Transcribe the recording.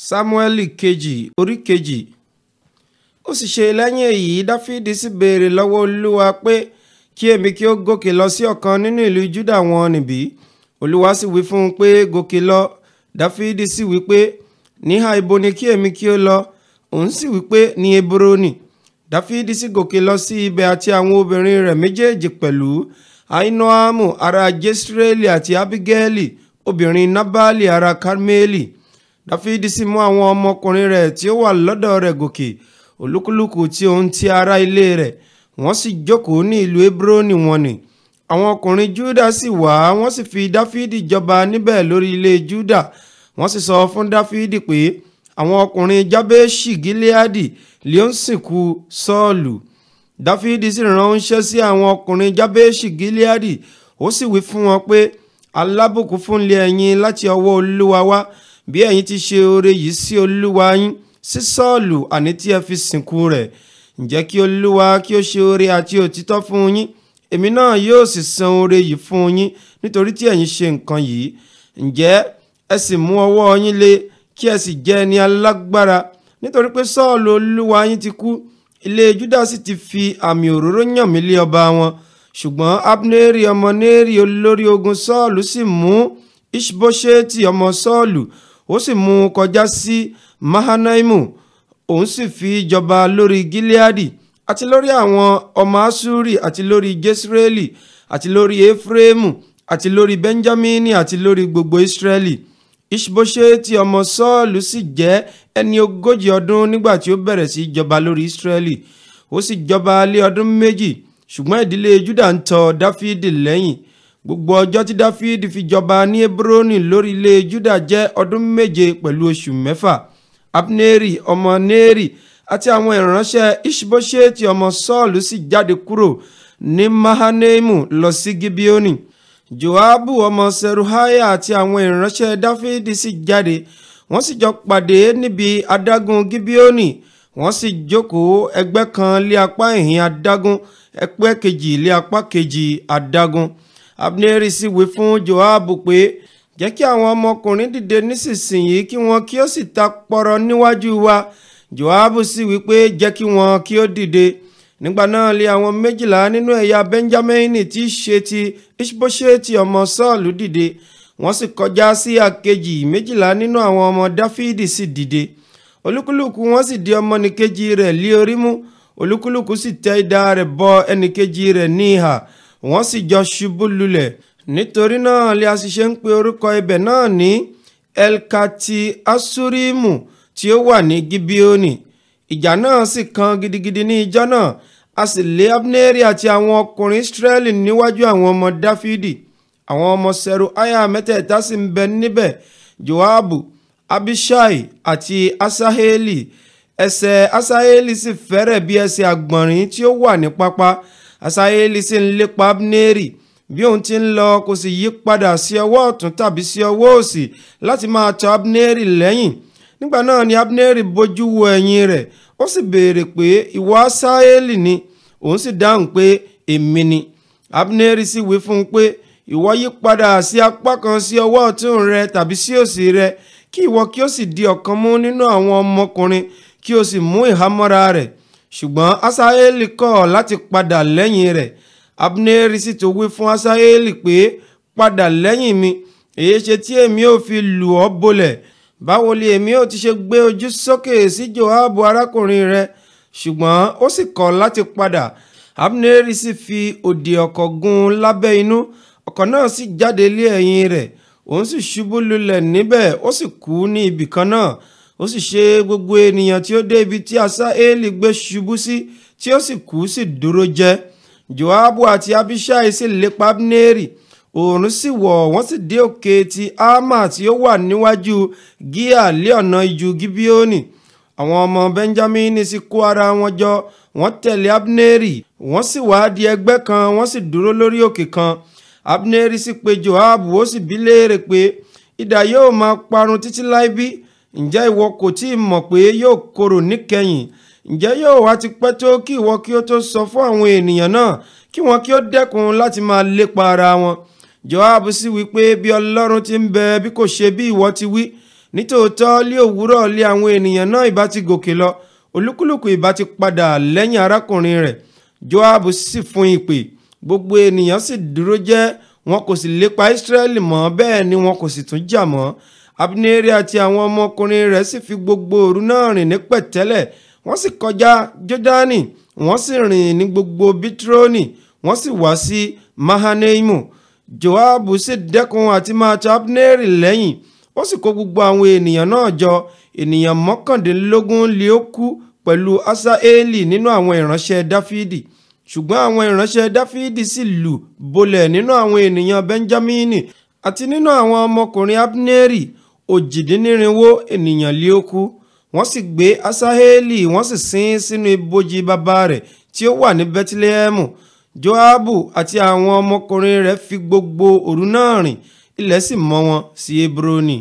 samuel keji orí kejì ó sì ṣe lẹ́yìn èyí dáfídì sì béèrè lọ́wọ́ olúwa pé kí èmi kí ó gòkè lọ sí ọ̀kan nínú ìlú júdà wọn níbí olúwa sì wí fún un pé gòkè lọ dáfídì sì wí pé níhà ibo ni kí èmi kí ó lọ òun sì wí pé ní ebroni dáfídì sì gòkè lọ sí ibẹ̀ àti àwọn obìnrin rẹ̀ méjèèjì pẹ̀lú ainoamu ará jesreeli àti abigaeli obìnrin nabali ará karmeli dáfídì sì mú àwọn ọmọkùnrin rẹ̀ tí ó wà lọ́dọ̀ rẹ̀ gòkè olúkúlùkù tí òun ti ara ilé rẹ̀ wọ́n sì jókòó ní ìlú Hebroni wọn ni àwọn ọkùnrin Júdà sì wá wọ́n sì fi dáfídì jọba níbẹ̀ lórí ilé Júdà wọ́n sì sọ fún dáfídì pé àwọn ọkùnrin Jábéṣì Gíleádì ló ń sìnkú Sọ́ọ̀lù dáfídì sì ránṣẹ́ sí àwọn ọkùnrin Jábéṣì Gíleádì ó sì wí fún wọn pé alábùkún fúnlé ẹ̀yin láti ọwọ́ Olúwa wá bí ẹ̀yin ti ṣe oore yìí sí olúwa yín sí Sọ́ọ̀lù àní tí ẹ fi sìnkú rẹ̀ ǹjẹ́ kí olúwa kí ó ṣe oore àti òtítọ́ fún yín èmi náà yóò sì san oore yìí fún yín nítorí tí ẹ̀yin ṣe nǹkan yìí ǹjẹ́ ẹ sì mú ọwọ́ yín le kí ẹ sì jẹ́ ẹni alágbára nítorí pé Sọ́ọ̀lù olúwa yín ti kú ilé Júdà sì ti fi àmì òróró yàn mí lé ọba wọn ṣùgbọ́n Abneri ọmọ Neri olórí ogun Sọ́ọ̀lù sì mú Iṣboṣeti ọmọ Sọ́ọ̀lù ó sì mú un kọjá sí mahanaimu òun sì fi jọba lórí gileadi àti lórí àwọn ọmọ asuri àti lórí jesreeli àti lórí efraimu àti lórí benjamini àti lórí gbogbo israeli ishbosheti ọmọ sọ́ọ̀lù sì jẹ́ ẹni ogójì ọdún nígbà tí ó bẹ̀rẹ̀ sí jọba lórí israeli ó sì jọba lé ọdún méjì ṣùgbọ́n ìdílé juda ń tọ dáfídì lẹ́yìn gbogbo ọjọ́ tí dáfídì fi jọba ní ebroni lórí ilé juda jẹ́ ọdún méje pẹ̀lú oṣù mẹ́fà abneri ọmọ neri àti àwọn ìránṣẹ́ ishbosheti ọmọ sọ́ọ̀lù sì jáde kúrò ní mahaneimu lọ sí gibeoni joabu ọmọ seruhaya àti àwọn ìránṣẹ́ dáfídì sì jáde wọ́n sì jọ pàdé níbi adágún gibioni. wọ́n sì jókòó ẹgbẹ́ kan lé apá ìhín adágún ẹgbẹ́ kejì lé apá kejì adágún abneri sì wí fún joabu pé jẹ́ kí àwọn ọmọkùnrin dìde nísinsìnyí kí wọ́n kí ó sì ta pọ̀rọ̀ níwájú wa joabu sì wí pé jẹ́ kí wọ́n kí ó dìde nígbà náà lé àwọn méjìlá nínú ẹ̀yà benjamini tí í ṣe ti iṣboṣeti ọmọ sọ́ọ̀lù dìde wọ́n sì kọjá sí àkejì méjìlá nínú àwọn ọmọ dáfídì sì dìde olúkúlùkù wọn sì di ọmọnìkejì rẹ̀ lé orí mú olúkúlùkù sì tẹ idà rẹ̀ bọ ẹnìkejì rẹ̀ ní ìhà wọ́n sì jọ ṣubú lulẹ̀ nítorí náà lè àṣìṣe ń pe orúkọ ibẹ̀ náà ní elkati asurimu tí ó wà ní gibioni ìjà náà sì kan gidigidi ní ijọ́ náà a sì lé abneri àti àwọn ọkùnrin israẹli níwájú àwọn ọmọ dáfídì àwọn ọmọ seruaya mẹ́tẹ̀ẹ̀ta sì ń bẹ níbẹ̀ joabu abishai àti asaheli ẹsẹ̀ asaheli sì fẹ́rẹ̀ bí ẹsẹ̀ àgbọ̀nrín tí ó wà ní pápá asaheli sì ń lépa abneri bí òun ti ń lọ kò sì yí padà sí ọwọ́ ọ̀tún tàbí sí ọwọ́ òsì láti máa tọ abneri lẹ́yìn nígbà náà ni abneri bójú wo ẹ̀yìn rẹ̀ ó sì béèrè pé ìwọ asaheli ni òun sì dáhùn pé èmi ni abneri sì wí fún un pé ìwọ yí padà sí apá kan sí ọwọ́ ọ̀tún rẹ tàbí sí òsì rẹ kí ìwọ kí o sì di ọ̀kan mú nínú àwọn ọmọkùnrin kí o sì mú ìhámọ́ra rẹ̀ ṣùgbọ́n asaeli kọ̀ láti padà lẹ́yìn rẹ̀ abneri sì tún wí fún asaeli pé padà lẹ́yìn mi èyí ṣe tí èmi ò fi lù ọ́ bolẹ̀ báwo ni èmi ò ti ṣe gbé ojú sókè sí joabu arákùnrin rẹ ṣùgbọ́n ó sì kọ̀ láti padà abneri sì fi òdì ọ̀kọ̀ gún lábẹ́ inú ọ̀kọ̀ náà sì jáde lé ẹ̀yìn rẹ̀ òun sì ṣubú lulẹ̀ níbẹ̀ ó sì kú ní ibì kan náà ó sì ṣe gbogbo ènìyàn tí ó dé ibi tí asaeli gbé ṣubú sí tí ó sì kú sì dúró jẹ́ joabu àti abishai sì lépa abneri oòrùn sì wọ̀ wọ́n sì dé òkè ti ama tí ó wà níwájú gíà lé ọ̀nà ijù gibioni àwọn ọmọ benjamini sì kó ara wọn jọ wọ́n tẹ̀lé abneri wọ́n sì wá di ẹgbẹ́ kan wọ́n sì dúró lórí òkè kan abneri sì pe joabu ó sì bi léèrè pé idà yóò máa parun títí láì ǹjẹ́ ìwọ kò tí ì mọ̀ pé yóò korò níkẹyìn ǹjẹ́ yóò wá ti pẹ́ tó kí ìwọ kí ó tó sọ fún àwọn ènìyàn náà kí wọ́n kí ó dẹ́kun láti máa lépa ara wọn Jóábù sì wí pé bí Ọlọ́run ti ń bẹ bí kò ṣe bí ìwọ ti wí nítòótọ́ lé òwúrọ̀ lé àwọn ènìyàn náà ìbá ti gòkè lọ olúkúlùkù ìbá ti padà lẹ́yìn arákùnrin rẹ̀ Jóábù sì fún ìpè gbogbo ènìyàn sì dúró jẹ́ wọn kò sì lépa Ísírẹ́lì mọ́ bẹ́ẹ̀ ni wọn kò sì tún jà mọ́ Abineri àti àwọn ọmọkùnrin rẹ̀ sì fi gbogbo òru náà rìn ní pẹ̀tẹ́lẹ̀ wọ́n sì kọjá Jọ́dánì wọ́n sì rìn ní gbogbo Bitroni wọ́n sì wá sí Mahaneimu Joabu sì dẹ́kun àti máa tọ̀ Abineri lẹ́yìn ó sì kó gbogbo àwọn ènìyàn náà jọ ènìyàn mọ́kàndínlógún lé ó kú pẹ̀lú Asaeli nínú àwọn ìránṣẹ́ Dáfídì ṣùgbọ́n àwọn ìránṣẹ́ Dáfídì sì lù bolẹ̀ nínú àwọn ènìyàn Benjamini àti nínú àwọn ọmọkùnrin Abneri òjìdínnírinwó ènìyàn lé ó kú wọ́n sì gbé asáhélì wọ́n sì sin sínú ibojì bàbá rẹ̀ tí ó wà ní bẹ́tílẹ́hẹ́mù joabu àti àwọn ọmọkùnrin rẹ̀ fi gbogbo òru náà rìn ilẹ̀ sì mọ́ wọn sí hebroni.